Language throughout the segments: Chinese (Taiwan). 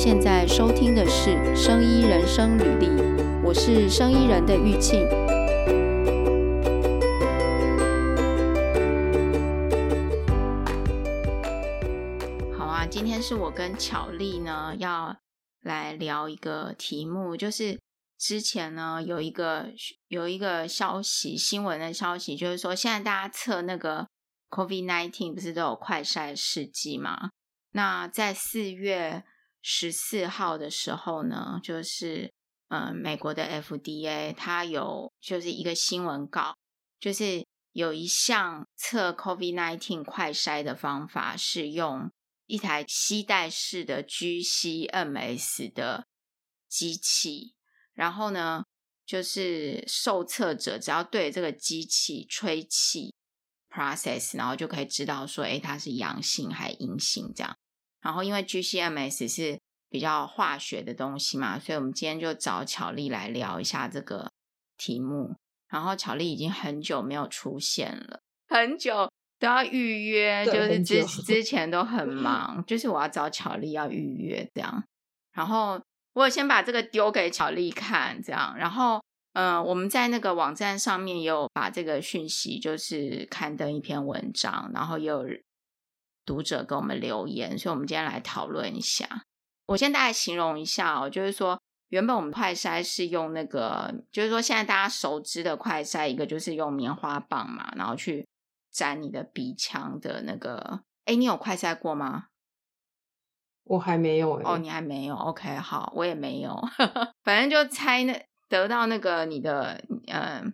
現在收聽的是《生醫人生旅歷》，我是生醫人的玉慶。好啊，今天是我跟巧立呢要來聊一個題目，就是之前呢有一個有一個消息，新聞的消息，就是說現在大家測那個 COVID-19 不是都有快篩試劑嗎？那在四月十四號的時候呢，就是呃、嗯，美國的 FDA 它有就是一個新聞稿，就是有一項測 COVID-19 快篩的方法是用一台攜帶式的 GCMS 的機器，然後呢，就是受測者只要對這個機器吹氣 process，然後就可以知道說，誒，它是陽性還是陰性這樣。然後，因為 GCMS 是比較化學的東西嘛，所以我們今天就找巧立來聊一下這個題目。然後巧立已經很久沒有出現了，很久都要預約，就是之之前都很忙，很就是我要找巧立要預約這樣。然後我有先把這個丟給巧立看，這樣。然後，嗯、呃，我們在那個網站上面也有把這個訊息，就是刊登一篇文章，然後也有。讀者給我們留言，所以我們今天來討論一下。我先大概形容一下哦，就是說，原本我們快篩是用那個，就是說現在大家熟知的快篩，一個就是用棉花棒嘛，然後去沾你的鼻腔的那個。誒，你有快篩過嗎？我還沒有哦，欸，oh, 你還沒有？OK，好，我也沒有。 反正就猜那得到那個你的，嗯、呃，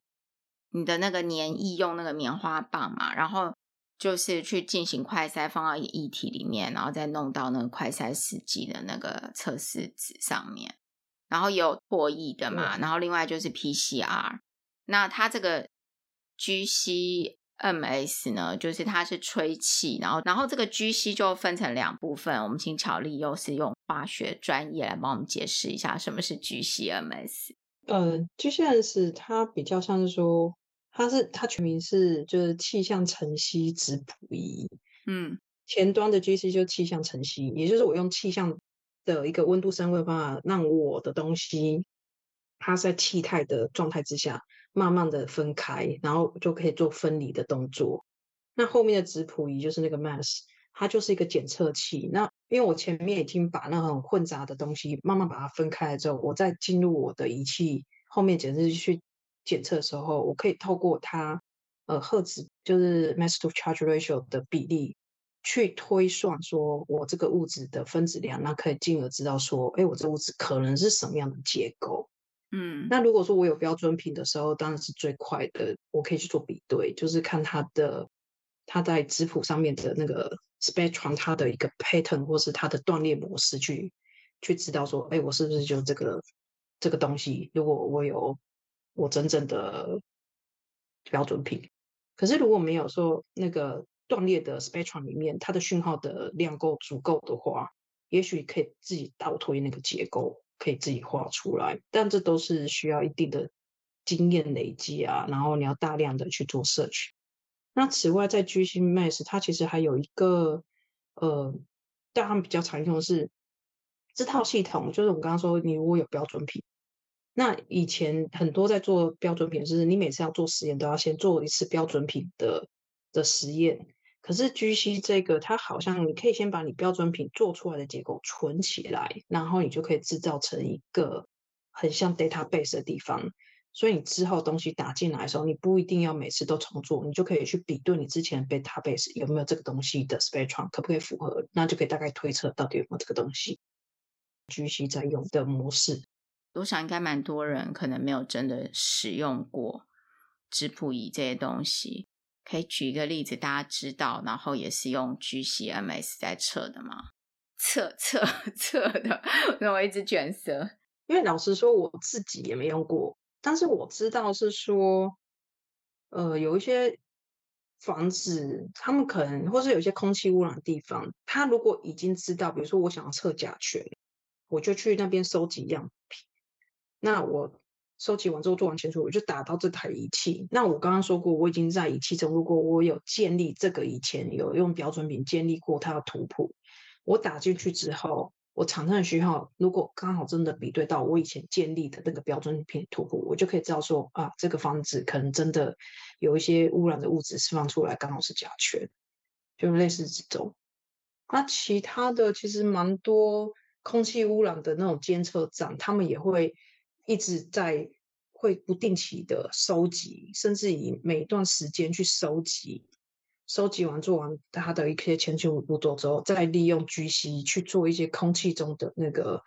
你的那個粘液，用那個棉花棒嘛，然後。就是去進行快篩，放到液體裡面，然後再弄到那個快篩試劑的那個測試紙上面。然後也有唾液的嘛、嗯，然後另外就是 PCR。那它這個 GCMS 呢，就是它是吹氣，然後然後這個 GC 就分成兩部分。我們請巧立又是用化學專業來幫我們解釋一下什麼是 GCMS。嗯、呃、，GCMS 它比較像是說。它是它全名是就是氣相層析質譜儀，嗯，前端的 GC 就氣相層析，也就是我用氣相的一個溫度升溫方法，讓我的東西它在氣態的狀態之下，慢慢的分開，然後就可以做分離的動作。那後面的質譜儀就是那個 mass，它就是一個檢測器。那因為我前面已經把那很混雜的東西慢慢把它分開了之後，我再進入我的儀器後面檢測器去。檢測的時候，我可以透過它，呃，赫茲就是 mass to charge ratio 的比例，去推算說我這個物質的分子量，那可以進而知道說，哎、欸，我這個物質可能是什麼樣的結構。嗯，那如果說我有標準品的時候，當然是最快的，我可以去做比對，就是看它的它在質譜上面的那個 spectrum，它的一個 pattern，或是它的斷裂模式去，去去知道說，哎、欸，我是不是就這個這個東西？如果我有。我真正的標準品，可是如果沒有說那個斷裂的 Spectrum 裡面它的訊號的量夠足夠的話，也許可以自己倒推那個結構，可以自己畫出來。但這都是需要一定的經驗累積啊，然後你要大量的去做 Search。那此外，在 GC-MS 它其實還有一個，呃，但它們比較常用的是這套系統，就是我們剛剛說，你如果有標準品。那以前很多在做標準品，就是你每次要做實驗都要先做一次標準品的的實驗。可是 G C 這個它好像你可以先把你標準品做出來的結構存起來，然後你就可以製造成一個很像 database 的地方。所以你之後東西打進來的時候，你不一定要每次都重做，你就可以去比對你之前的 database 有沒有這個東西的 spectrum，可不可以符合？那就可以大概推測到底有沒有這個東西。G C 在用的模式。我想應該蠻多人可能沒有真的使用過質譜儀這些東西。可以舉一個例子，大家知道，然後也是用 GCMS 在測的嗎？測測測的，那我一直捲舌。因為老實說，我自己也沒用過，但是我知道是說，呃，有一些房子，他們可能或是有一些空氣污染的地方，他如果已經知道，比如說我想要測甲醛，我就去那邊收集樣品。那我收集完之後做完前處理，我就打到這台儀器。那我剛剛說過，我已經在儀器中，如果我有建立這個以前有用標準品建立過它的圖譜，我打進去之後，我產生的訊號如果剛好真的比對到我以前建立的那個標準品圖譜，我就可以知道說啊，這個房子，可能真的有一些污染的物質釋放出來，剛好是甲醛，就類似這種。那其他的其實蠻多空氣污染的那種監測站，他們也會。一直在會不定期的收集，甚至以每段時間去收集，收集完做完它的一些前期五步驟之後，再利用 GC 去做一些空氣中的那個，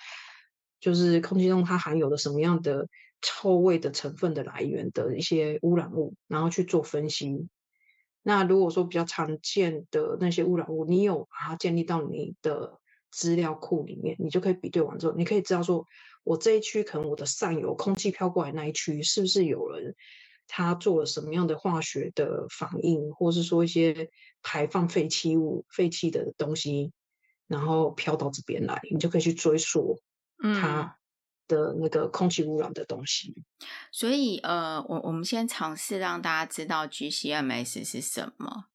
就是空氣中它含有的什麼樣的臭味的成分的來源的一些污染物，然後去做分析。那如果說比較常見的那些污染物，你有把它建立到你的資料庫裡面，你就可以比對完之後，你可以知道說。我這一區可能我的上游空氣飄過來的那一區，是不是有人他做了什麼樣的化學的反應，或是說一些排放廢棄物、廢棄的東西，然後飄到這邊來，你就可以去追溯它的那個空氣污染的東西。嗯。所以，呃，我我們先嘗試讓大家知道 GC-MS 是什麼，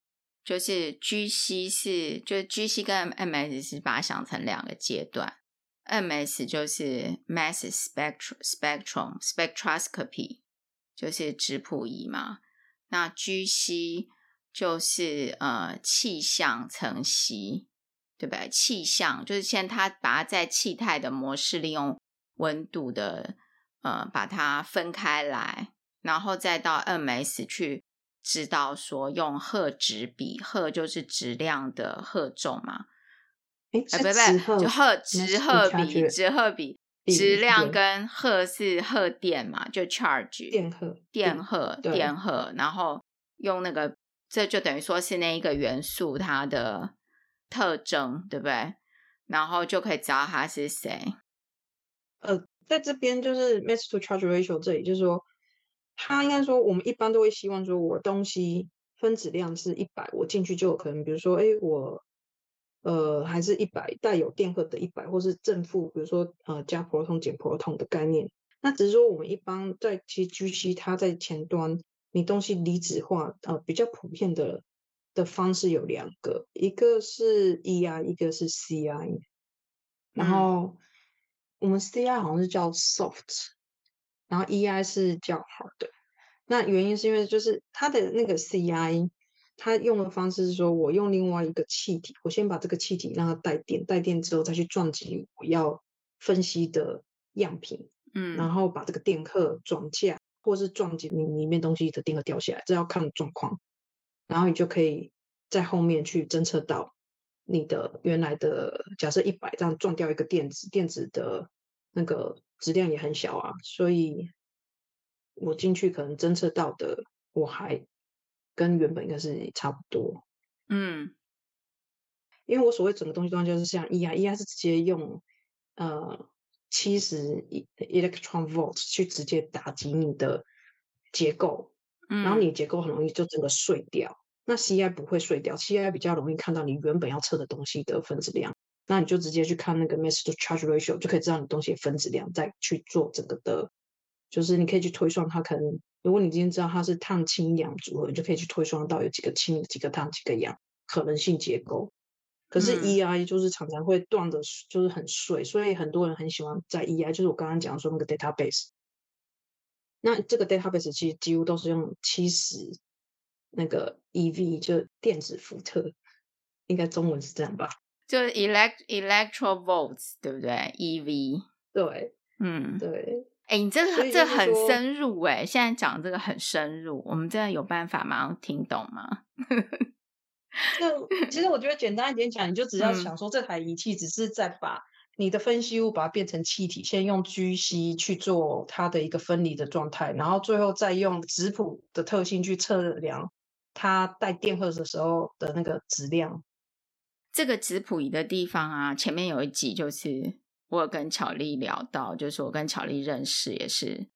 就是 GC 是，就是、GC 跟 MS 是把它想成兩個階段。MS 就是 mass spectral spectrum spectroscopy，就是質譜儀嘛。那 GC 就是呃氣相層析，對不對？氣相就是先它把它在氣態的模式利用溫度的呃把它分開來，然後再到 MS 去知道說用荷質比，荷就是質量的荷重嘛。哎，不不，就荷質荷比，質荷比，比質量跟荷是荷電嘛，就 charge 電荷電荷電荷，然後用那個，這就等於說是那一個元素它的特徵，對不對？然後就可以知道它是誰。呃，在這邊就是 mass to charge ratio 這裡，就是說，它應該說我們一般都會希望說，我東西分子量是一百，我進去就可能，比如說，哎，我。呃，還是一百帶有電荷的一百，或是正負，比如說呃，加 proton 減 proton 的概念。那只是說我們一般在其 GC 它在前端，你東西離子化呃，比較普遍的的方式有兩個，一個是 EI，一個是 CI。然後我們 CI 好像是叫 soft，然後 EI 是叫 hard。那原因是因為就是它的那個 CI。他用的方式是說，我用另外一個氣體，我先把這個氣體讓它帶電，帶電之後再去撞擊我要分析的樣品，嗯，然後把這個電荷轉嫁，或是撞擊裡裡面東西的電荷掉下來，這要看狀況，然後你就可以在後面去偵測到你的原來的假設一百這樣，撞掉一個電子，電子的那個質量也很小啊，所以我進去可能偵測到的我還。跟原本應該是差不多，嗯，因為我所謂整個東西端就是像 E I，E I 是直接用呃七十 electron volts 去直接打擊你的結構，嗯、然後你結構很容易就整個碎掉。那 C I 不會碎掉，C I 比較容易看到你原本要測的東西的分子量，那你就直接去看那個 mass to charge ratio 就可以知道你東西的分子量，再去做整個的，就是你可以去推算它可能。如果你今天知道它是碳氫氧、氧組合，你就可以去推算到有幾個氫、幾個碳、幾個氧、幾個氧可能性結構。可是 E I 就是常常會斷的，就是很碎，嗯，所以很多人很喜歡在 E I，就是我剛剛講說那個 database。那這個 database 其實幾乎都是用七十那個 e v 就電子伏特，應該中文是這樣吧？就是 elect electro volts，對不對？e v 對，嗯，對。哎、欸，你這個這很深入哎、欸，現在講這個很深入，我們真的有辦法嗎？聽懂嗎 ？其實我覺得簡單一點講，你就只要想說，這台儀器只是在把你的分析物把它變成氣體、嗯，先用 GC 去做它的一個分離的狀態，然後最後再用質譜的特性去測量它帶電荷的時候的那個質量。這個質譜儀的地方啊，前面有一集就是。我有跟巧立聊到，就是我跟巧立認識也是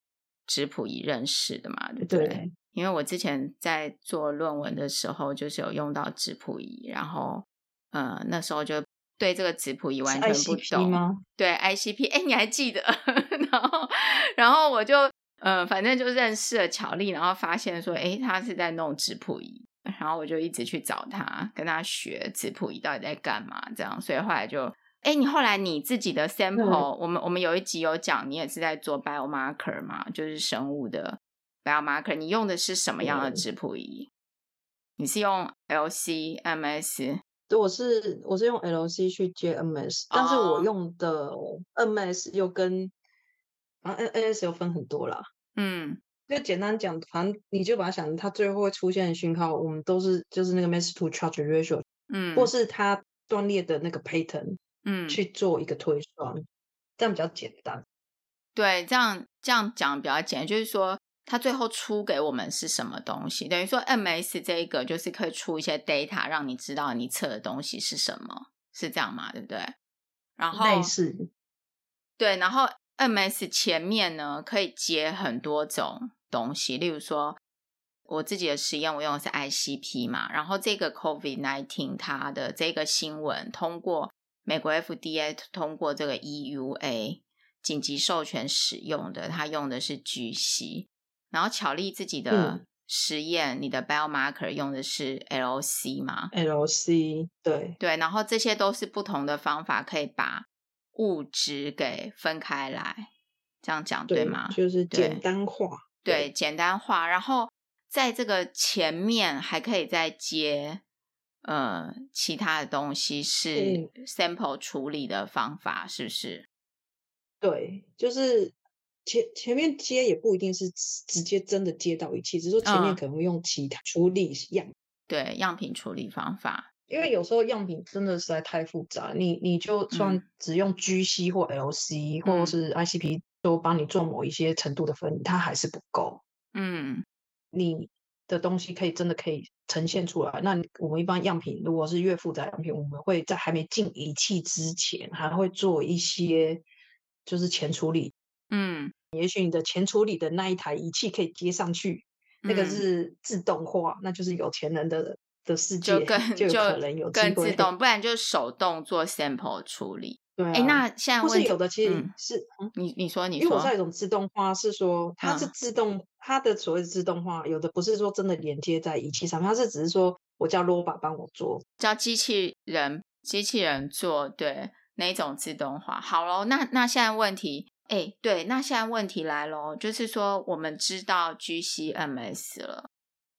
質譜儀認識的嘛，對不對？對。因為我之前在做論文的時候，就是有用到質譜儀，然後呃那時候就對這個質譜儀完全不懂嗎？對，ICP，哎你還記得？ 然後然後我就呃反正就認識了巧立，然後發現說哎她是在弄質譜儀，然後我就一直去找她，跟她學質譜儀到底在幹嘛，這樣，所以後來就。哎，你後來你自己的 sample，我們我們有一集有講，你也是在做 biomarker 嘛，就是生物的 biomarker。你用的是什麼樣的質譜儀？你是用 LC MS？對，我是我是用 LC 去接 MS，、哦、但是我用的 MS 又跟……啊 MS 又分很多了。嗯，就簡單講，反正你就把它想成它最後會出現的訊號，我們都是就是那個 mass to charge ratio，嗯，或是它斷裂的那個 pattern。嗯，去做一個推算，這樣比較簡單。嗯、對，這樣這樣講比較簡單，就是說他最後出給我們是什麼東西，等於說 MS 這一個就是可以出一些 data，讓你知道你測的東西是什麼，是這樣嗎？對不對？然後對，然後 MS 前面呢可以接很多種東西，例如說我自己的實驗，我用的是 ICP 嘛，然後這個 COVID nineteen 它的這個新聞通過。美國 FDA 通過這個 EUA 緊急授權使用的，它用的是 GC，然後巧立自己的實驗，嗯、你的 biomarker 用的是 LC 嗎？LC 對對，然後這些都是不同的方法，可以把物質給分開來，這樣講對，對嗎？就是簡單化，對，對，對簡單化，然後在這個前面還可以再接。呃，其他的東西是 sample 處理的方法，嗯、是不是？對，就是前前面接，也不一定是直接真的接到一起，只是說前面可能會用其他處理樣品，嗯，對，樣品處理方法。因為有時候樣品真的實在太複雜，你你就算只用 GC 或 LC、嗯、或者是 ICP 都幫你做某一些程度的分離，它還是不夠。嗯，你的東西可以真的可以呈現出來。那我們一般樣品如果是越複雜樣品，我們會在還沒進儀器之前，還會做一些就是前處理。嗯，也許你的前處理的那一台儀器可以接上去，那個是自動化，嗯、那就是有錢人的的世界，就，就可能有更自動，不然就手動做 sample 處理。對、啊，哎、欸，那現在問題是有的，其實是、嗯、你你說你說，因為我在一種自動化是說，它是自動、嗯、它的所謂自動化，有的不是說真的連接在儀器上，它是只是說我叫 Robot 幫我做，叫機器人機器人做，對那種自動化。好嘍，那那現在問題，哎、欸，對，那現在問題來嘍，就是說我們知道 GCMS 了，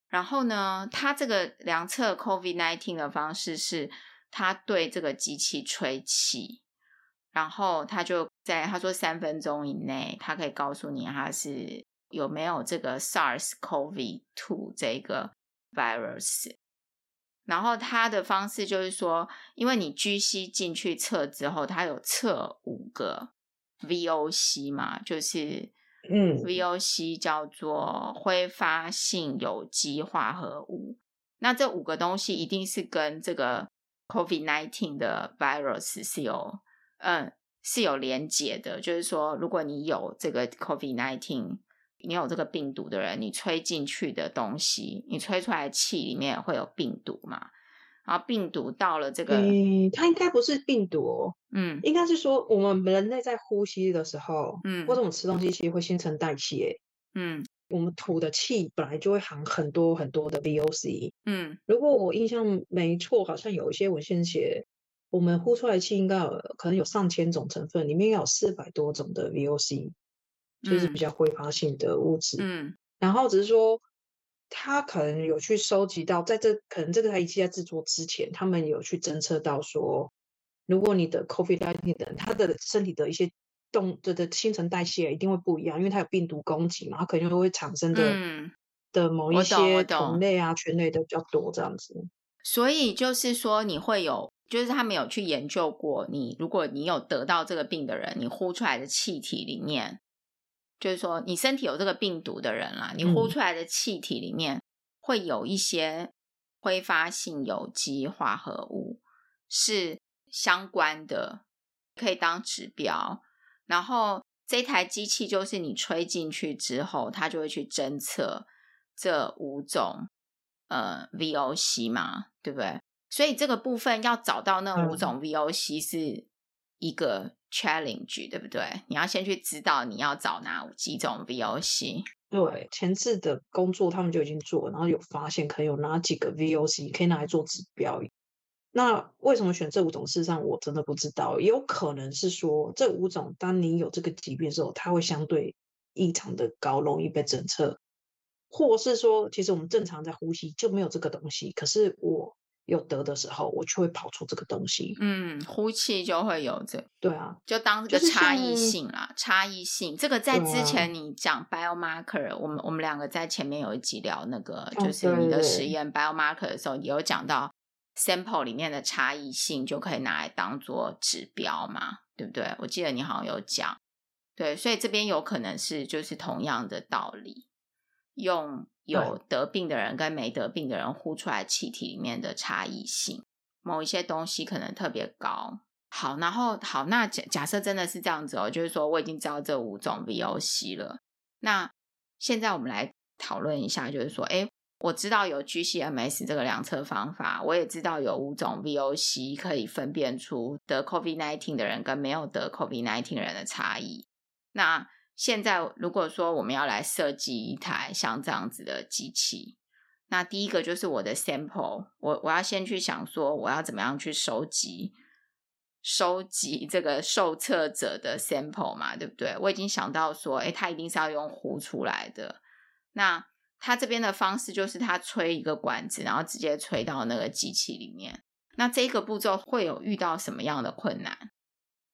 然後呢，它這個量測 COVID-19 的方式是它對這個機器吹氣。然後他就在他說，三分鐘以內，他可以告訴你他是有沒有這個 SARS-CoV-2 這個 virus。然後他的方式就是說，因為你 GC 進去測之後，他有測五個 VOC 嘛，就是嗯，VOC 叫做揮發性有機化合物。那這五個東西一定是跟這個 COVID-19 的 virus 是有。嗯，是有連結的，就是說，如果你有這個 COVID-19，你有這個病毒的人，你吹進去的東西，你吹出來的氣裡面也會有病毒嘛？然後病毒到了這個，嗯，它應該不是病毒哦，嗯，應該是說我們人類在呼吸的時候，嗯，或者我們吃東西其實會新陳代謝，嗯，我們吐的氣本來就會含很多很多的 VOC，嗯，如果我印象沒錯，好像有一些文獻寫。我們呼出來氣應該有，可能有上千種成分，裡面有四百多種的 VOC，、嗯、就是比較揮發性的物質。嗯。然後只是說，他可能有去收集到，在這可能這個台儀器在製作之前，他們有去偵測到說，如果你的 COVID-19，他的身體的一些動，這的新陳代謝一定會不一樣，因為它有病毒攻擊嘛，它可能就會產生的、嗯、的某一些同類啊、醛類都比較多這樣子。所以就是說，你會有。就是他沒有去研究過你，如果你有得到這個病的人，你呼出來的氣體裡面，就是說你身體有這個病毒的人啦，你呼出來的氣體裡面會有一些揮發性有機化合物是相關的，可以當指標。然後這台機器就是你吹進去之後，它就會去偵測這五種呃 VOC 嘛，對不對？所以這個部分要找到那五種 VOC、嗯、是一個 challenge，對不對？你要先去知道你要找哪幾種 VOC。對，前次的工作他們就已經做，然後有發現可能有哪幾個 VOC 可以拿來做指標。那為什麼選這五種？事實上我真的不知道，有可能是說這五種，當你有這個疾病的時候，它會相對異常的高，容易被偵測；或是說，其實我們正常在呼吸就沒有這個東西，可是我。有得的時候，我就會跑出這個東西。嗯，呼氣就會有這。對啊，就當這個差異性啦，就是、差異性這個在之前你講 biomarker，、啊、我們我們兩個在前面有一集聊那個，哦、就是你的實驗 biomarker 的時候，也有講到 sample 裡面的差異性就可以拿來當做指標嘛，對不對？我記得你好像有講，對，所以這邊有可能是就是同樣的道理。用有得病的人跟沒得病的人呼出來氣體裡面的差異性，某一些東西可能特別高。好，然後好，那假假設真的是這樣子哦，就是說我已經知道這五種 VOC 了。那現在我們來討論一下，就是說，欸，我知道有 GCMS 這個量測方法，我也知道有五種 VOC 可以分辨出得 COVID-19 的人跟沒有得 COVID-19 的人的差異。那。現在如果說我們要來設計一台像這樣子的機器，那第一個就是我的 sample，我我要先去想說我要怎麼樣去收集收集這個受測者的 sample 嘛，對不對？我已經想到說，哎，他一定是要用呼出來的。那他這邊的方式就是他吹一個管子，然後直接吹到那個機器裡面。那這個步驟會有遇到什麼樣的困難？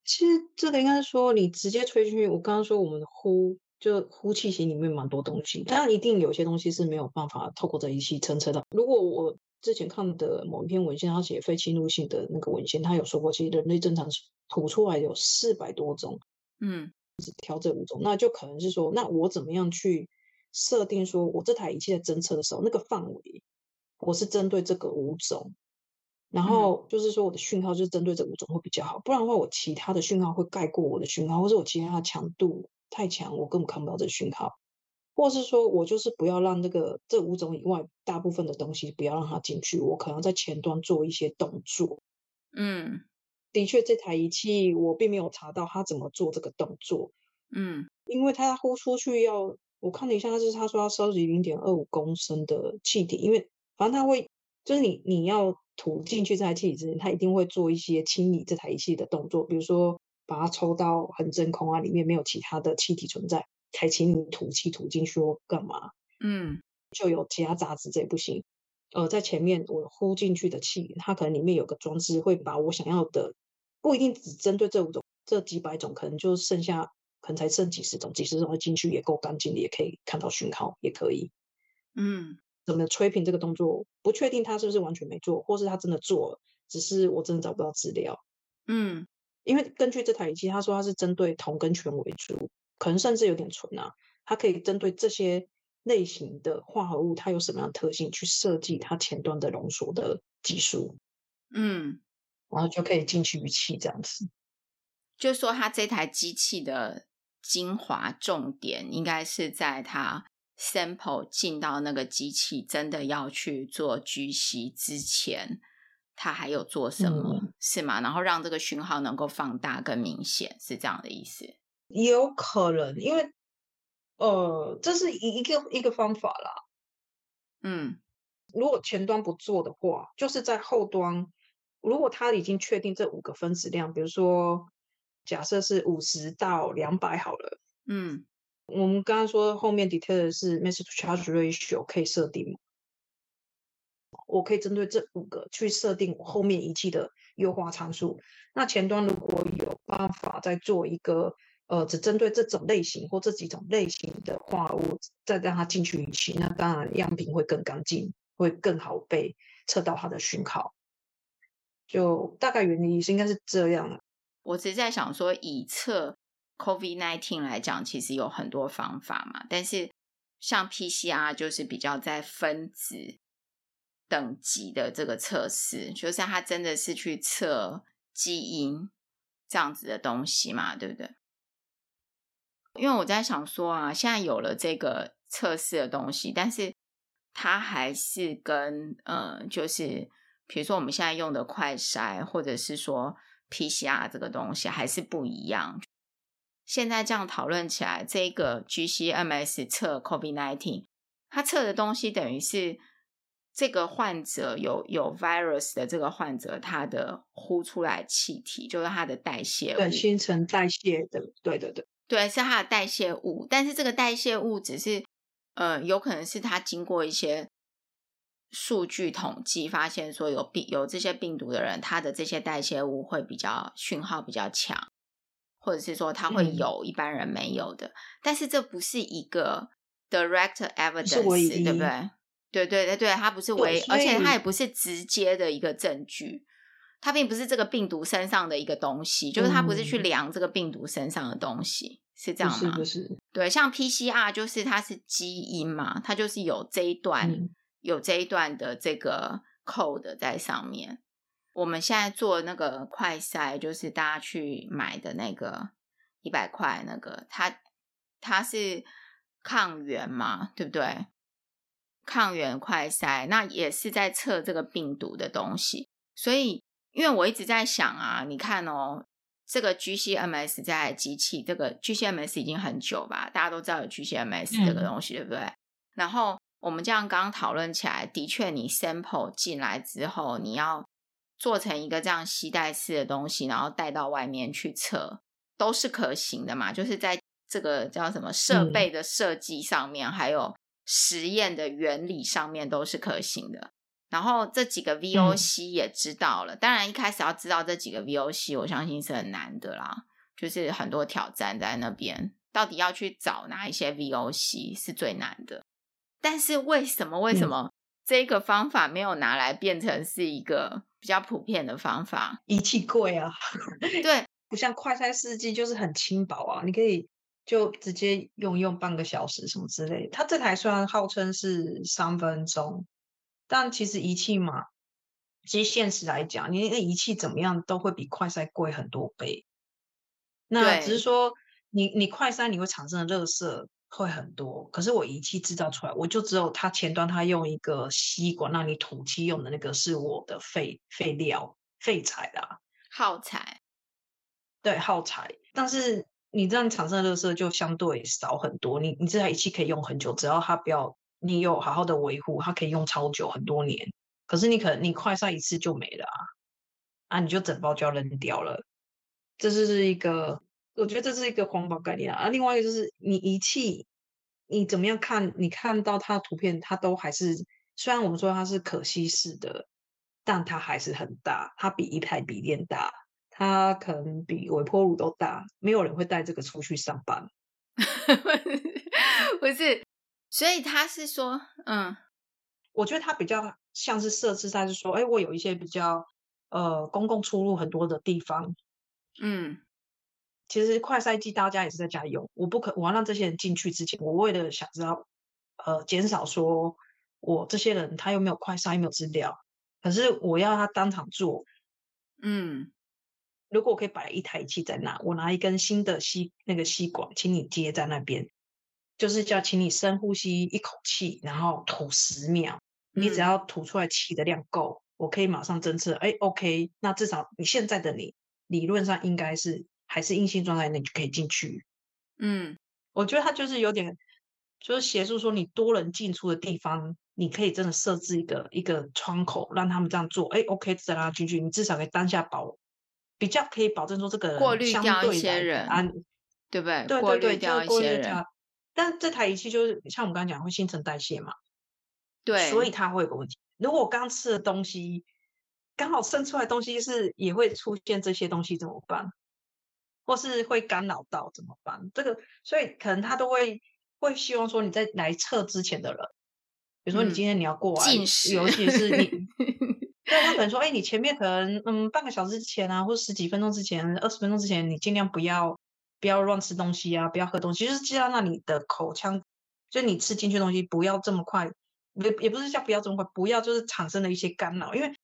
其實這個應該是說，你直接吹進去。我剛剛說我們呼，就呼氣型裡面蠻多東西，當然一定有些東西是沒有辦法透過這儀器偵測的。如果我之前看的某一篇文獻，他寫非侵入性的那個文獻，他有說過，其實人類正常吐出來有四百多種，嗯，只挑這五種，那就可能是說，那我怎麼樣去設定，說我這台儀器在偵測的時候，那個範圍，我是針對這個五種。然後就是說，我的訊號就是針對這五種會比較好，不然的話，我其他的訊號會蓋過我的訊號，或者我其他的強度太強，我根本看不到這個訊號，或是說我就是不要讓這個這五種以外大部分的東西不要讓它進去，我可能在前端做一些動作。嗯，的確，這台儀器我並沒有查到它怎麼做這個動作。嗯，因為它呼出去要，我看了一下，就是他說要收集零點二五公升的氣體，因為反正它會就是你你要。吐進去這台氣體之前，它一定會做一些清理這台儀器的動作，比如說把它抽到很真空啊，裡面沒有其他的氣體存在，才清理吐氣吐進去說幹嘛？嗯，就有其他雜質，這也不行。呃，在前面我呼進去的氣，它可能裡面有個裝置會把我想要的，不一定只針對這五種，這幾百種可能就剩下，可能才剩幾十種，幾十種的進去也夠乾淨的，也可以看到訊號，也可以。嗯。怎麼吹平這個動作？不確定他是不是完全沒做，或是他真的做了，只是我真的找不到資料。嗯，因為根據這台儀器，他說他是針對酮跟醛為主，可能甚至有點醇啊。它可以針對這些類型的化合物，它有什麼樣的特性，去設計它前端的濃縮的技術。嗯，然後就可以進去儀器這樣子，嗯。就說它這台機器的精華重點，應該是在它。Sample 進到那個機器真的要去做 GC 之前，他還有做什麼、嗯、是嗎？然後讓這個訊號能夠放大更明顯，是這樣的意思？有可能，因為呃，這是一一個一個方法啦。嗯，如果前端不做的話，就是在後端，如果他已經確定這五個分子量，比如說假設是五十到兩百好了，嗯。我們剛剛說後面 detail 的是 mass to charge ratio 可以設定，我可以針對這五個去設定我後面儀器的優化參數。那前端如果有辦法再做一個，呃，只針對這種類型或這幾種類型的話，我再讓它進去儀器，那當然樣品會更乾淨，會更好被測到它的訊號。就大概原理是應該是這樣了。我只是在想說以測。COVID-19 來講，其實有很多方法嘛，但是像 PCR 就是比較在分子等級的這個測試，就是它真的是去測基因這樣子的東西嘛，對不對？因為我在想說啊，現在有了這個測試的東西，但是它還是跟呃、嗯，就是比如說我們現在用的快篩，或者是說 PCR 這個東西，還是不一樣。現在這樣討論起來，這個 GCMS 測 COVID-19，它測的東西等於是這個患者有有 virus 的這個患者，他的呼出來氣體就是它的代謝物，對，新陳代謝的，對，對，對，對，是它的代謝物。但是這個代謝物只是，呃，有可能是它經過一些數據統計，發現說有病有這些病毒的人，他的這些代謝物會比較訊號比較強。或者是說他會有、嗯、一般人沒有的，但是這不是一個 direct evidence，對不對？對對對對，它不是唯，而且它也不是直接的一個證據，它並不是這個病毒身上的一個東西，就是它不是去量這個病毒身上的東西，嗯、是這樣嗎？不是，不是，對，像 PCR 就是它是基因嘛，它就是有這一段、嗯、有這一段的這個 code 在上面。我們現在做那個快篩，就是大家去買的那個一百塊那個，它它是抗原嘛，對不對？抗原快篩那也是在測這個病毒的東西，所以因為我一直在想啊，你看哦，這個 GC-MS 在機器，這個 GC-MS 已經很久吧，大家都知道有 GC-MS 這個東西、嗯，對不對？然後我們這樣剛剛討論起來，的確，你 sample 進來之後，你要。做成一個這樣攜帶式的東西，然後帶到外面去測，都是可行的嘛。就是在這個叫什麼設備的設計上面，嗯、還有實驗的原理上面都是可行的。然後這幾個 VOC 也知道了、嗯，當然一開始要知道這幾個 VOC，我相信是很難的啦。就是很多挑戰在那邊，到底要去找哪一些 VOC 是最難的。但是為什麼為什麼、嗯、這個方法沒有拿來變成是一個？比較普遍的方法，儀器貴啊， 對，不像快篩試劑就是很輕薄啊，你可以就直接用用半個小時什麼之類的。它這台雖然號稱是三分鐘，但其實儀器嘛，其實現實來講，你那儀器怎麼樣都會比快篩貴很多倍。那只是說你，你你快篩你會產生的熱色。會很多，可是我儀器製造出來，我就只有它前端，它用一個吸管讓你吐氣用的那個是我的廢廢料廢材啦，耗材，對耗材。但是你這樣產生的垃圾就相對少很多。你你這台儀器可以用很久，只要它不要你有好好的維護，它可以用超久很多年。可是你可能你快篩一次就沒了啊，啊你就整包就要扔掉了。這就是一個。我覺得這是一個環保概念啊！啊，另外一個就是你儀器，你怎麼樣看？你看到它的圖片，它都還是雖然我們說它是可攜式的，但它還是很大，它比一台筆電大，它可能比微波爐都大。沒有人會帶這個出去上班 不，不是？所以他是說，嗯，我覺得它比較像是設置，他是說，哎、欸，我有一些比較呃公共出入很多的地方，嗯。其實快篩機大家也是在家用。我不可，我要讓這些人進去之前，我為了想知道，呃，減少說我這些人他又沒有快篩沒有資料，可是我要他當場做。嗯，如果我可以擺一台儀器在那，我拿一根新的吸那個吸管，請你接在那邊，就是叫請你深呼吸一口氣，然後吐十秒。嗯、你只要吐出來氣的量夠，我可以馬上偵測。哎，OK，那至少你現在的你理論上應該是。還是陰性狀態，那你就可以進去。嗯，我覺得他就是有點，就是協助說你多人進出的地方，你可以真的設置一個一個窗口，讓他們這樣做。哎，OK，再讓他進去，你至少可以當下保，比較可以保證說這個過濾掉一些人，對不對？對對對，就過濾掉一些人，就是過濾。但這台儀器就是像我們剛剛講，會新陳代謝嘛，對，所以它會有個問題。如果我剛吃的東西剛好生出來的東西是，也會出現這些東西怎麼辦？或是會干擾到怎麼辦？這個，所以可能他都會會希望說你在來測之前的人，比如說你今天你要過來，嗯，尤其是你，對 他可能說，哎，欸，你前面可能嗯半個小時之前啊，或者十幾分鐘之前，二十分鐘之前，你儘量不要不要亂吃東西啊，不要喝東西，就是儘量讓你的口腔，就是你吃進去的東西不要這麼快，也也不是叫不要這麼快，不要就是產生了一些干擾，因為。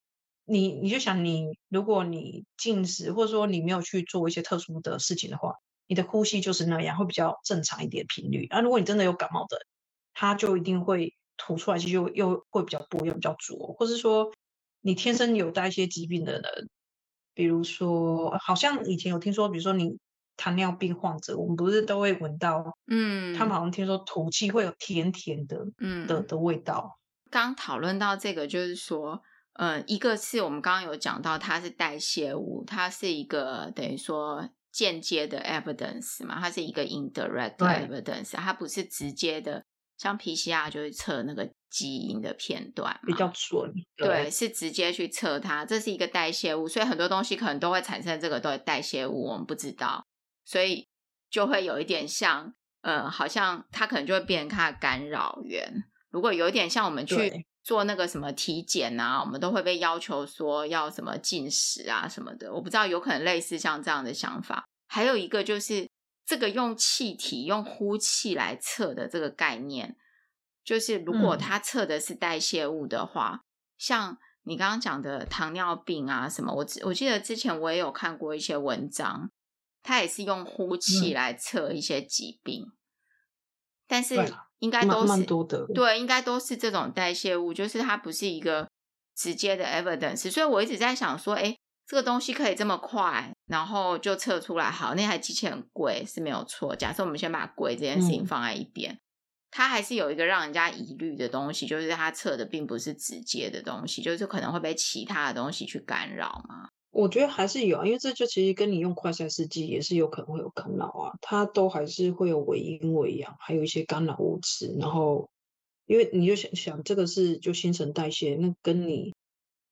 你你就想你，如果你進食，或者說你沒有去做一些特殊的事情的話，你的呼吸就是那樣，會比較正常一點頻率。然、啊、如果你真的有感冒的，他就一定會吐出來就又又會比較多，又比較濁。或是說，你天生有帶一些疾病的人，比如說，好像以前有聽說，比如說你糖尿病患者，我們不是都會聞到，嗯，他們好像聽說吐氣會有甜甜的，嗯的的味道。剛討論到這個，就是說。呃、嗯，一個是我們剛剛有講到，它是代謝物，它是一個等於說間接的 evidence 嘛，它是一個 indirect evidence，它不是直接的，像 PCR 就是測那個基因的片段，比較準。對，對是直接去測它，這是一個代謝物，所以很多東西可能都會產生這個，代謝物，我們不知道，所以就會有一點像，呃、嗯，好像它可能就會變成它的干擾源。如果有一點像我們去。做那個什麼體檢啊，我們都會被要求說要什麼禁食啊什麼的。我不知道，有可能類似像這樣的想法。還有一個就是這個用氣體用呼氣來測的這個概念，就是如果他測的是代謝物的話、嗯，像你剛剛講的糖尿病啊什麼，我我記得之前我也有看過一些文章，他也是用呼氣來測一些疾病，嗯、但是。應該都是蠻多的，對，應該都是這種代謝物，就是它不是一個直接的 evidence。所以我一直在想說，哎、欸，這個東西可以這麼快，然後就測出來。好，那台機器很貴是沒有錯。假設我們先把貴這件事情放在一邊、嗯，它還是有一個讓人家疑慮的東西，就是它測的並不是直接的東西，就是可能會被其他的東西去干擾嘛。我覺得還是有啊，因為這就其實跟你用快篩試劑也是有可能會有干擾啊，它都還是會有偽陰偽陽，還有一些干擾物質。然後，因為你就想想，這個是就新陳代謝，那跟你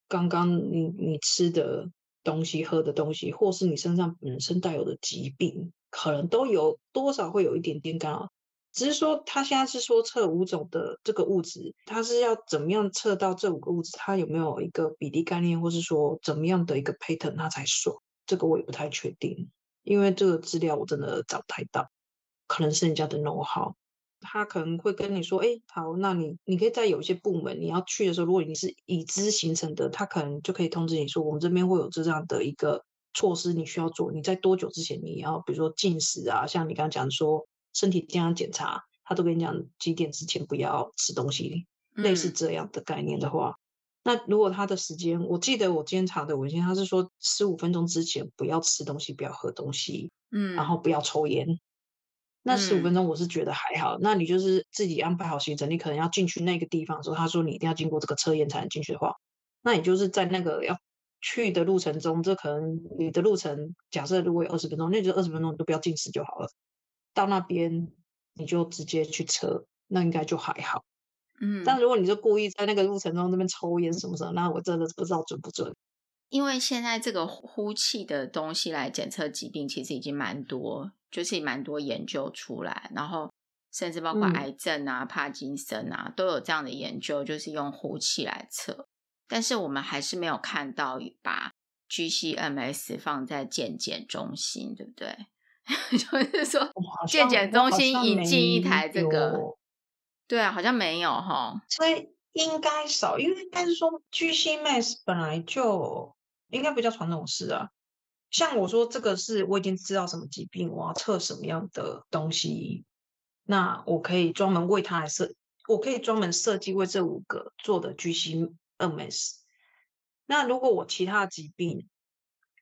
剛剛你你吃的東西、喝的東西，或是你身上本身帶有的疾病，可能都有多少會有一點點干擾。只是說，他現在是說測五種的這個物質，他是要怎麼樣測到這五個物質？他有沒有一個比例概念，或是說怎麼樣的一個 pattern，他才說？這個我也不太確定，因為這個資料我真的找不太到。可能是人家的 know-how，他可能會跟你說：“哎，好，那你你可以在有一些部門，你要去的時候，如果你是已知形成的，他可能就可以通知你說，我們這邊會有這樣的一個措施，你需要做。你在多久之前你要，比如說禁食啊，像你剛剛講說。”身體健康檢查，他都跟你講幾點之前不要吃東西，類似這樣的概念的話，嗯、那如果他的時間，我記得我今天查的文件，他是說十五分鐘之前不要吃東西，不要喝東西，嗯，然後不要抽煙。那十五分鐘我是覺得還好，嗯。那你就是自己安排好行程，你可能要進去那個地方的時候，他說你一定要經過這個測驗才能進去的話，那你就是在那個要去的路程中，這可能你的路程假設如果有二十分鐘，那就二十分鐘你都不要進食就好了。到那邊你就直接去測，那應該就還好。嗯，但如果你是故意在那個路程中那邊抽菸什麼什麼，那我真的不知道準不準。因為現在這個呼氣的東西來檢測疾病，其實已經蠻多，就是蠻多研究出來，然後甚至包括癌症啊、嗯、帕金森啊，都有這樣的研究，就是用呼氣來測。但是我們還是沒有看到把 GCMS 放在健檢中心，對不對？ 就是說，健檢中心引進一台這個，對啊，好像沒有哈，所以、哦、應該少，因為應該是說，GCMS 本來就應該不叫傳統式啊。像我說這個是，我已經知道什麼疾病，我要測什麼樣的東西，那我可以專門為他來設，我可以專門設計為這五個做的 GCMS。那如果我其他疾病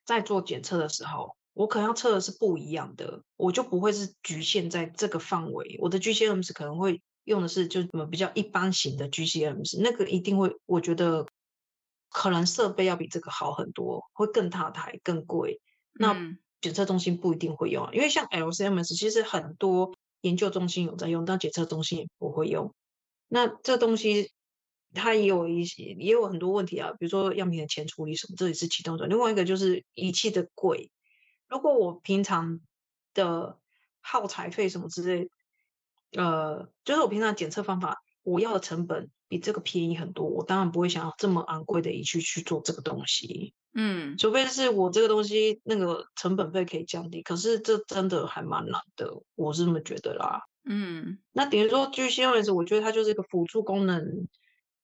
在做檢測的時候，我可能要測的是不一樣的，我就不會是局限在這個範圍。我的 GCMS 可能會用的是，就什麼比較一般型的 GCMS，那個一定會，我覺得可能設備要比這個好很多，會更大台、更貴。那檢測中心不一定會用，嗯，因為像 LCMS 其實很多研究中心有在用，但檢測中心也不會用。那這東西它也有一些也有很多問題啊，比如說，樣品的前處理什麼，這也是其中的。另外一個就是儀器的貴。如果我平常的耗材費什麼之類，呃，就是我平常的檢測方法，我要的成本比這個便宜很多，我當然不會想要這麼昂貴的儀器去，去做這個東西。嗯，除非是我這個東西那個成本費可以降低，可是這真的還蠻難的，我是這麼覺得啦。嗯，那等於說，GC-MS，我覺得它就是一個輔助功能，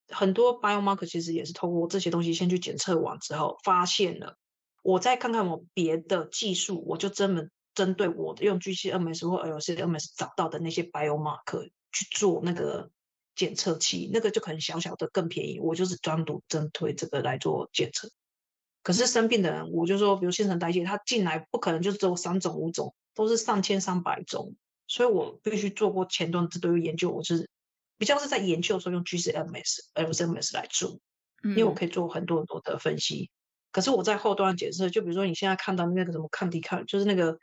很多 biomarker 其實也是通過這些東西先去檢測完之後發現了。我再看看我別的技術，我就專門針對我的用 GC-MS 或 LC-MS 找到的那些 biomarker 去做那個檢測器，那個就可能小小的更便宜。我就是單獨針對這個來做檢測。可是生病的人，我就說，比如新陳代謝，他進來不可能就只有三種五種，都是上千三百種，所以我必須做過前端這堆研究，我就是比較是在研究的時候用 GC-MS、LC-MS 來做，因為我可以做很多很多的分析。嗯可是我在後端檢測，就比如說你現在看到那個什麼抗體抗，就是那個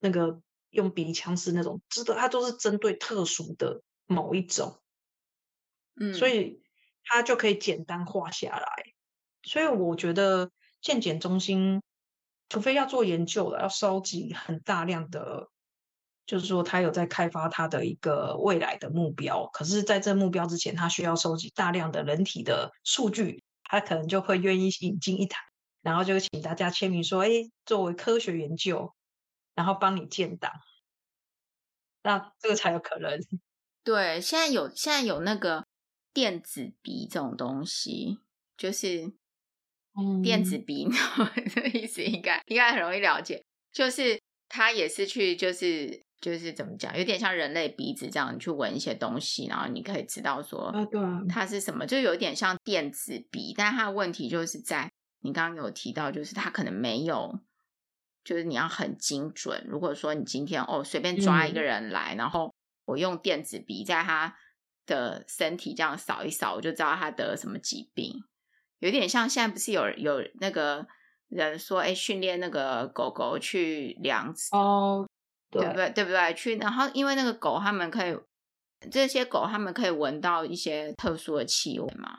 那個用鼻腔式那種，知道它都是針對特殊的某一種，嗯，所以它就可以簡單化下來。所以我覺得健檢中心，除非要做研究了，要收集很大量的，就是說他有在開發他的一個未來的目標，可是在這目標之前，他需要收集大量的人體的數據，他可能就會願意引進一台。然後就請大家簽名說：“哎，作為科學研究，然後幫你建檔，那這個才有可能。”對，現在有現在有那個電子鼻這種東西，就是電子鼻，嗯、 這個意思應該應該很容易了解。就是它也是去，就是就是怎麼講，有點像人類鼻子這樣，你去聞一些東西，然後你可以知道說、啊啊嗯、它是什麼，就有點像電子鼻。但它的問題就是在。你剛剛有提到，就是他可能沒有，就是你要很精準。如果說你今天哦隨便抓一個人來、嗯，然後我用電子鼻在他的身體這樣掃一掃，我就知道他得了什麼疾病，有點像現在不是有有那個人說，誒訓練那個狗狗去量子，哦對，對不對？對不對？去，然後因為那個狗他們可以，這些狗他們可以聞到一些特殊的氣味嘛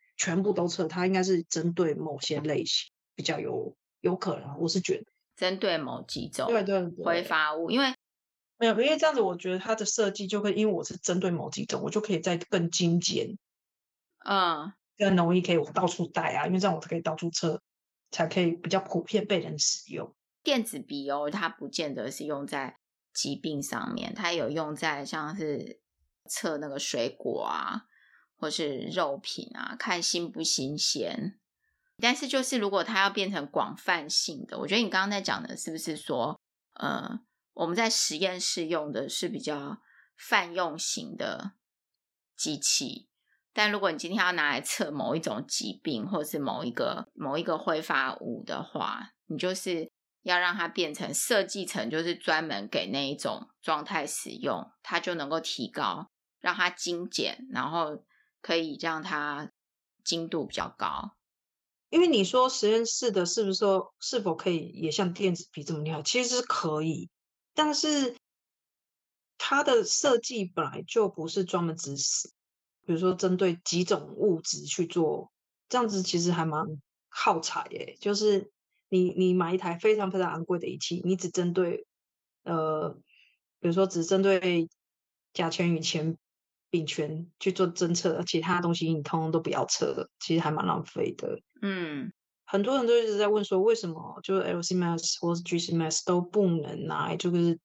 全部都測，它應該是針對某些類型比較有有可能，我是覺得針對某幾種對對，對揮發物，因為沒有，因為這樣子我覺得它的設計就會，因為我是針對某幾種，我就可以再更精簡，嗯，更容易可以我到處帶啊，因為這樣我才可以到處測，才可以比較普遍被人使用。電子鼻哦，它不見得是用在疾病上面，它有用在像是測那個水果啊。或是肉品啊，看新不新鮮。但是就是，如果它要變成廣泛性的，我覺得你剛剛在講的是不是說，呃，我們在實驗室用的是比較泛用型的機器。但如果你今天要拿來測某一種疾病，或是某一個某一個揮發物的話，你就是要讓它變成設計成就是專門給那一種狀態使用，它就能夠提高，讓它精簡，然後，可以讓它精度比較高，因為你說實驗室的，是不是說是否可以也像電子鼻這麼厲害？其實是可以，但是它的設計本來就不是專門只是，比如說針對幾種物質去做，這樣子其實還蠻耗材誒，就是你你買一台非常非常昂貴的儀器，你只針對呃，比如說只針對甲醛與鉛。病權去做偵測，其他東西你通通都不要測了，其實還蠻浪費的。嗯，很多人都一直在問說，為什麼就是 LCMS 或是 GCMS 都不能拿來？就是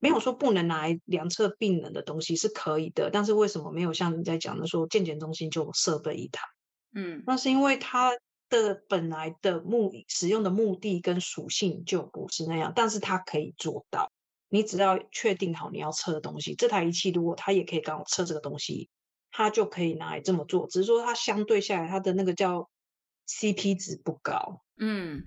沒有說不能拿來量測病人的東西是可以的，但是為什麼沒有像你在講的說，健檢中心就設備一台？嗯，那是因為它的本來的目使用的目的跟屬性就不是那樣，但是它可以做到。你只要確定好你要測的東西，這台儀器如果它也可以剛好測這個東西，它就可以拿來這麼做。只是說它相對下來，它的那個叫 C P 值不高，嗯。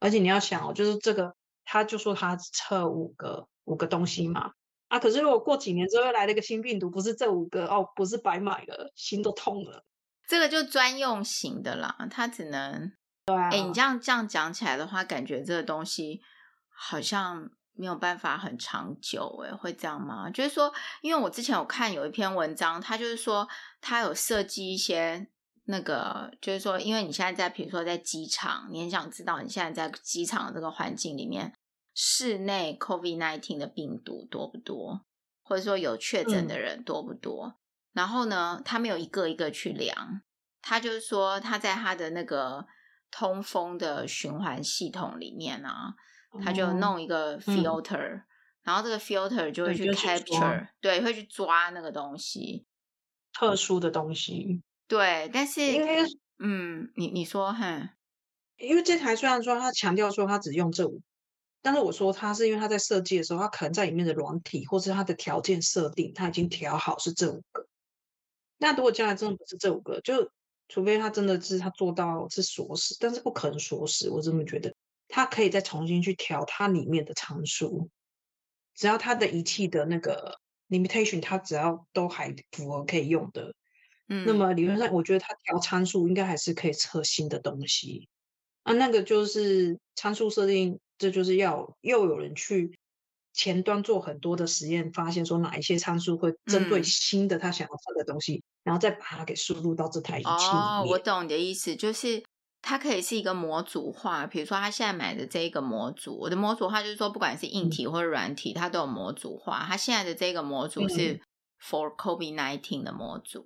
而且你要想哦，就是這個，他就說他測五個五個東西嘛，啊，可是如果過幾年之後又來了一個新病毒，不是這五個哦，不是白買了，心都痛了。這個就專用型的啦，它只能對啊。哎、欸，你這樣這樣講起來的話，感覺這個東西好像沒有辦法很長久，誒，會這樣嗎？就是說，因為我之前有看有一篇文章，他就是說他有設計一些那個，就是說，因為你現在在，比如說在機場，你很想知道你現在在機場這個環境裡面，室內 COVID nineteen 的病毒多不多，或者說有確診的人多不多？嗯、然後呢，他沒有一個一個去量，他就是說他在他的那個通風的循環系統裡面呢、啊。他就弄一個 filter，嗯，然後這個 filter 就會去 capture，對，去對，會去抓那個東西，特殊的東西。對，但是因為，嗯，你你說，哼、嗯，因為這台雖然說他強調說他只用這五個，但是我說他是因為他在設計的時候，他可能在裡面的軟體或是他的條件設定，他已經調好是這五個。那如果將來真的不是這五個，就除非他真的是他做到是鎖死，但是不可能鎖死，我真的覺得。它可以再重新去調它裡面的參數，只要它的儀器的那個 limitation，它只要都還符合可以用的，嗯，那麼理論上我覺得它調參數應該還是可以測新的東西。嗯、啊，那個就是參數設定，這就是要又有人去前端做很多的實驗，發現說哪一些參數會針對新的他想要測的東西、嗯，然後再把它給輸入到這台儀器裡面、哦、我懂你的意思，就是。它可以是一個模組化，比如說他現在買的這一個模組，我的模組化就是說，不管是硬體或是軟體、嗯，它都有模組化。他現在的這個模組是 for COVID-19 的模組，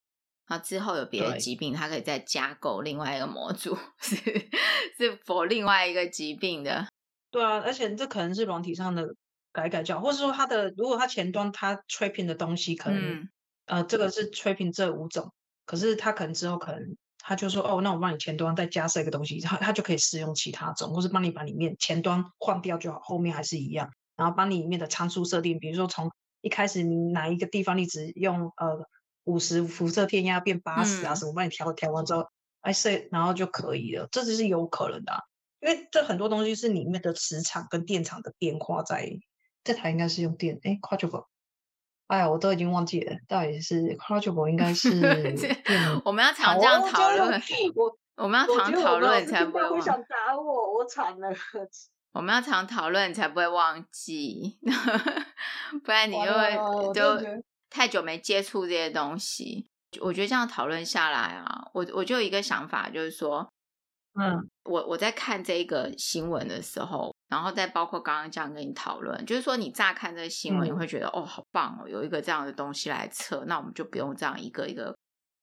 啊、嗯，後之後有別的疾病，他可以再加購另外一個模組，是是 for 另外一個疾病的。對啊，而且這可能是軟體上的改改教，或者說它的如果它前端它 trapping 的東西可能，嗯、呃，這個是 trapping 這五種，可是它可能之後可能。他就說哦，那我幫你前端再加設一個東西，他他就可以使用其他種，或是幫你把裡面前端換掉就好，後面還是一樣，然後幫你裡面的參數設定，比如說從一開始你哪一個地方你只用呃五十輻射電壓變八十啊什麼，嗯、幫你調調完之後哎設然後就可以了，這只是有可能的、啊，因為這很多東西是裡面的磁場跟電場的變化在，這台應該是用電哎，快幾個。哎呀，我都已經忘記了，到底是 curable t 應該是、 嗯，我們要常這樣討論，我我們要常討論才不會忘。我想打我，我慘了。我們要常討論才不會忘記， 不然你就會都，都太久沒接觸這些東西。我覺得這樣討論下來啊，我我就有一個想法，就是說。嗯，我我在看這個新聞的時候，然後再包括剛剛這樣跟你討論，就是說你乍看這個新聞，你會覺得、嗯、哦，好棒哦，有一個這樣的東西來測，那我們就不用這樣一個一個，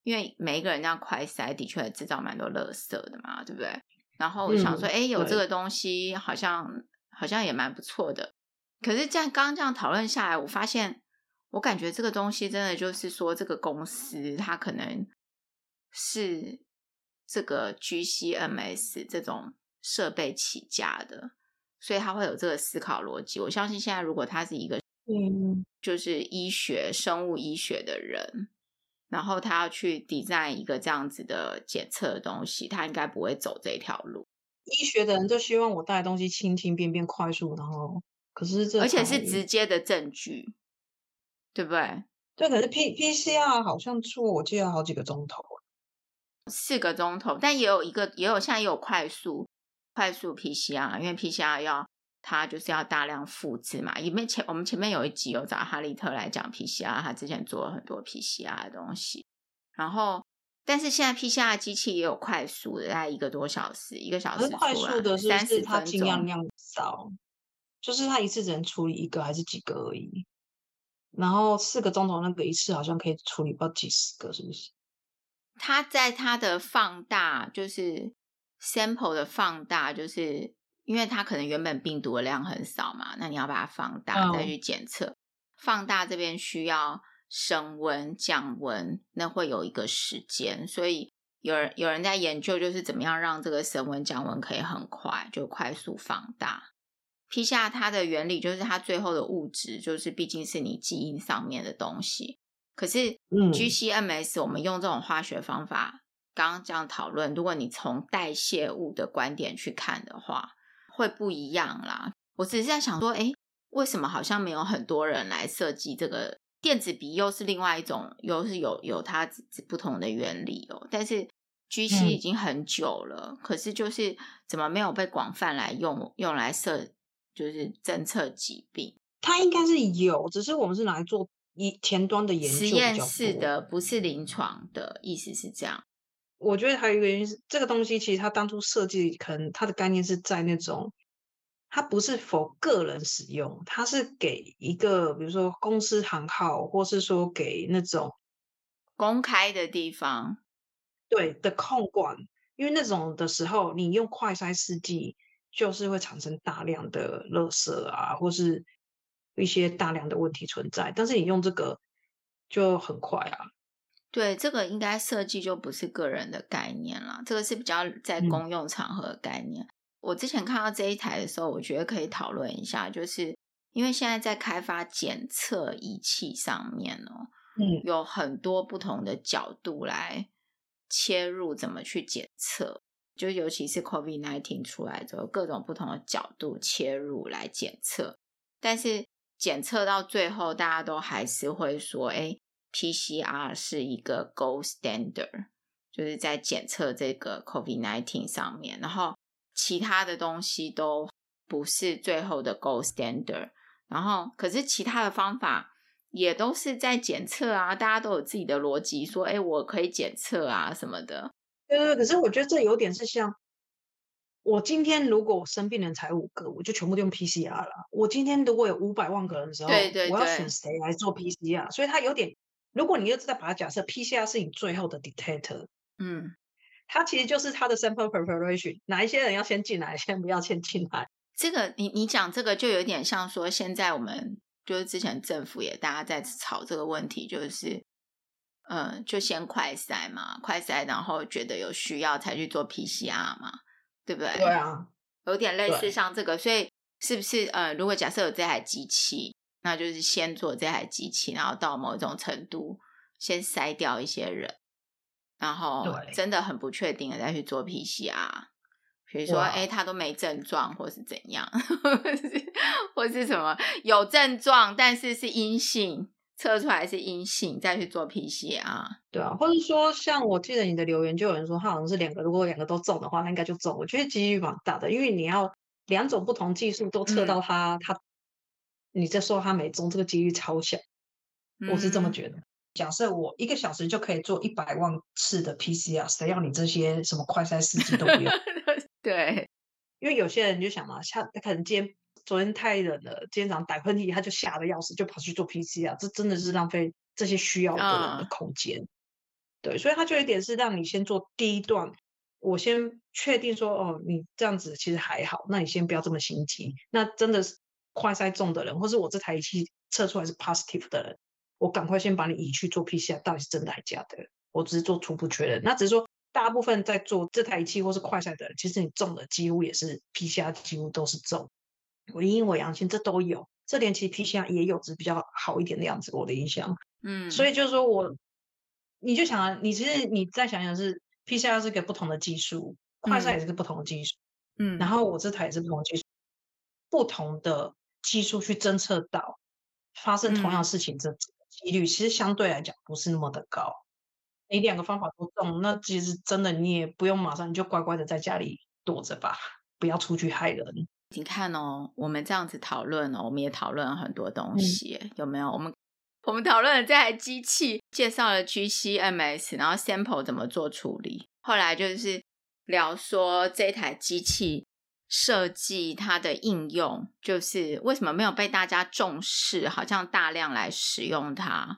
因為每一個人這樣快篩，的確製造蠻多垃圾的嘛，對不對？然後我想說，哎、嗯欸，有這個東西，好像好像也蠻不錯的。可是，這樣剛剛這樣討論下來，我發現，我感覺這個東西真的就是說，這個公司它可能是。這個 GCMS 這種設備起家的，所以他會有這個思考邏輯。我相信現在，如果他是一個嗯，就是醫學生物醫學的人，然後他要去 design 一個這樣子的檢測的東西，他應該不會走這條路。醫學的人就希望我帶東西輕、輕便、便快速的、哦，然後可是這而且是直接的證據，對不對？對，可是 P P C R 好像做，我記得了好幾個鐘頭。四個鐘頭，但也有一個，也有現在也有快速快速 PCR，因為 PCR 要它就是要大量複製嘛。因為前我們前面有一集有找哈利特來講 PCR，他之前做了很多 PCR 的東西。然後，但是現在 PCR 機器也有快速的，大概一個多小時，一個小時啊。快速的是不是它盡量量少？就是它一次只能處理一個還是幾個而已？然後四個鐘頭那個一次好像可以處理到幾十個，是不是？它在它的放大，就是 sample 的放大，就是因為它可能原本病毒的量很少嘛，那你要把它放大再去檢測。放大這邊需要升溫降溫，那會有一個時間，所以有人有人在研究，就是怎麼樣讓這個升溫降溫可以很快就快速放大。PCR 它的原理就是它最後的物質就是畢竟是你基因上面的東西。可是，嗯，GCMS，我們用這種化學方法、嗯，剛剛這樣討論，如果你從代謝物的觀點去看的話，會不一樣啦。我只是在想說，哎，為什麼好像沒有很多人來設計這個電子鼻？又是另外一種，又是有有它不同的原理哦。但是 GC 已經很久了，嗯、可是就是怎麼沒有被廣泛來用用來測，就是偵測疾病？它應該是有，只是我們是拿來做。一前端的研究，實驗室的不是臨床的意思是這樣。我覺得還有一個原因是，這個東西其實它當初設計，可能它的概念是在那種，它不是 for 個人使用，它是給一個比如說公司行號，或是說給那種公開的地方，對的控管。因為那種的時候，你用快篩試劑就是會產生大量的垃圾啊，或是。一些大量的問題存在，但是你用這個就很快啊。對，這個應該設計就不是個人的概念了，這個是比較在公用場合的概念。嗯。我之前看到這一台的時候，我覺得可以討論一下，就是因為現在在開發檢測儀器上面哦，嗯，有很多不同的角度來切入，怎麼去檢測，就尤其是 COVID-19 出來之後，各種不同的角度切入來檢測，但是。檢測到最後，大家都還是會說，哎，PCR 是一個 gold standard，就是在檢測這個 COVID nineteen 上面，然後其他的東西都不是最後的 gold standard。然後，可是其他的方法也都是在檢測啊，大家都有自己的邏輯，說，哎，我可以檢測啊什麼的。對對，可是我覺得這有點是像。我今天如果生病的人才五個，我就全部都用 PCR 了。我今天如果有五百萬個人的時候，對對對，我要選誰來做 PCR？所以他有點，如果你又知道把它假設 PCR 是你最後的 detector，嗯，他其實就是他的 sample preparation，哪一些人要先進來，先不要先進來。這個你你講這個就有點像說現在我們就是之前政府也大家在吵這個問題，就是嗯，就先快篩嘛，快篩然後覺得有需要才去做 PCR 嘛。對不對，對啊，有點類似像這個，所以是不是呃，如果假設有這台機器，那就是先做這台機器，然後到某一種程度先篩掉一些人，然後真的很不確定的再去做 PCR，比如說哎、啊、他都沒症狀或是怎樣， 或是什麼有症狀但是是陰性。測出來是陰性，再去做 PCR。對啊，或者說像我記得你的留言，就有人說他好像是兩個，如果兩個都中的話，那應該就中。我覺得幾率蠻大的，因為你要兩種不同技術都測到他，嗯、他你在說他沒中，這個幾率超小。我是這麼覺得、嗯。假設我一個小時就可以做一百萬次的 PCR，誰要你這些什麼快篩試劑都有？ 對，因為有些人就想嘛，他可能今天。昨天太冷了，今天早上打噴嚏，他就嚇得要死，就跑去做 PCR，這真的是浪費這些需要的人的空間。Uh. 對，所以他就有點是讓你先做第一段，我先確定說，哦，你這樣子其實還好，那你先不要這麼心急。那真的是快篩中的人，或是我這台儀器測出來是 positive 的人，我趕快先把你移去做 PCR，到底是真的還是假的？我只是做初步確認。那只是說，大部分在做這台儀器或是快篩的人，其實你中的幾乎也是 PCR，幾乎都是中。我陰我陽性，這都有，這點其實 P C R 也有，只比較好一點的樣子。我的印象，嗯，所以就是說我，你就想，啊，你其實你再想想，是 P C R 是個不同的技術，嗯，快篩也是個不同的技術，嗯，然後我這台也是不同的技術，嗯，不同的技術去偵測到發生同樣事情這幾率，嗯、其實相對來講不是那麼的高。你兩個方法都中，那其實真的你也不用馬上你就乖乖的在家裡躲着吧，不要出去害人。你看哦，我們這樣子討論哦，我們也討論了很多東西，嗯，有沒有？我們我們討論了這台機器，介紹了 GCMS，然後 sample 怎麼做處理，後來就是聊說這台機器設計它的應用，就是為什麼沒有被大家重視，好像大量來使用它。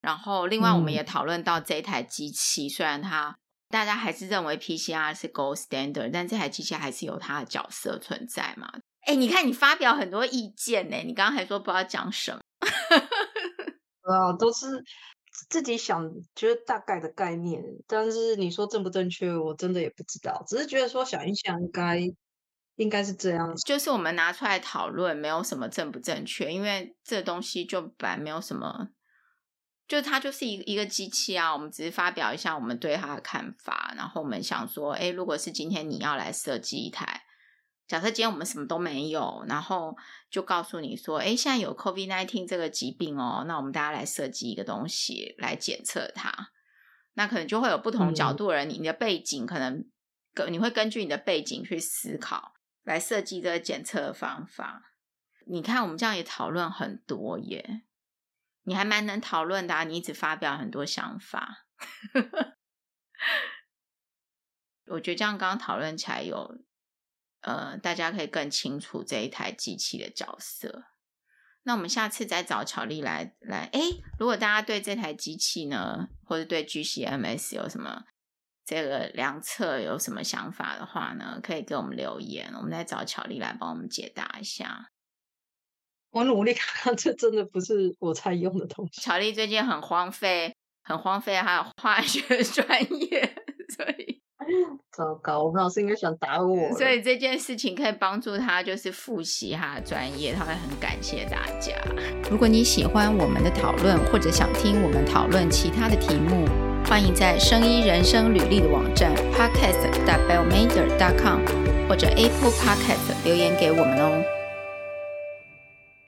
然後另外我們也討論到這台機器，嗯，雖然它大家還是認為 PCR 是 gold standard，但這台機器還是有它的角色存在嘛。哎、欸,你看你發表很多意見呢，你剛剛還說不知道講什麼，啊， 都是自己想覺得、就是、大概的概念，但是你說正不正確，我真的也不知道，只是覺得說想一想應該應該是這樣，就是我們拿出來討論，沒有什麼正不正確，因為這東西就本來沒有什麼。就它就是一個機器啊，我們只是發表一下我們對它的看法。然後我們想說，哎，如果是今天你要來設計一台，假設今天我們什麼都沒有，然後就告訴你說，哎，現在有 COVID-19 這個疾病哦，那我們大家來設計一個東西來檢測它。那可能就會有不同角度的人，嗯、你的背景可能，你你會根據你的背景去思考，來設計這個檢測的方法。你看，我們這樣也討論很多耶。你還蠻能討論的啊，你一直發表很多想法。 我覺得這樣剛剛討論起來有，呃，大家可以更清楚這一台機器的角色。那我們下次再找巧立來來，誒、欸、如果大家對這台機器呢，或者對 GC-MS 有什麼這個量測有什麼想法的話呢，可以給我們留言，我們再找巧立來幫我們解答一下。我努力看、看，這真的不是我才用的東西。巧立最近很荒廢，很荒廢，他化學專業，所以糟糕。我們老師應該想打我。所以這件事情可以幫助他，就是複習他的專業，他會很感謝大家。如果你喜歡我們的討論，或者想聽我們討論其他的題目，歡迎在生醫人生旅歷的網站 podcast dot biomeder dot com 或者 Apple Podcast 留言給我們哦。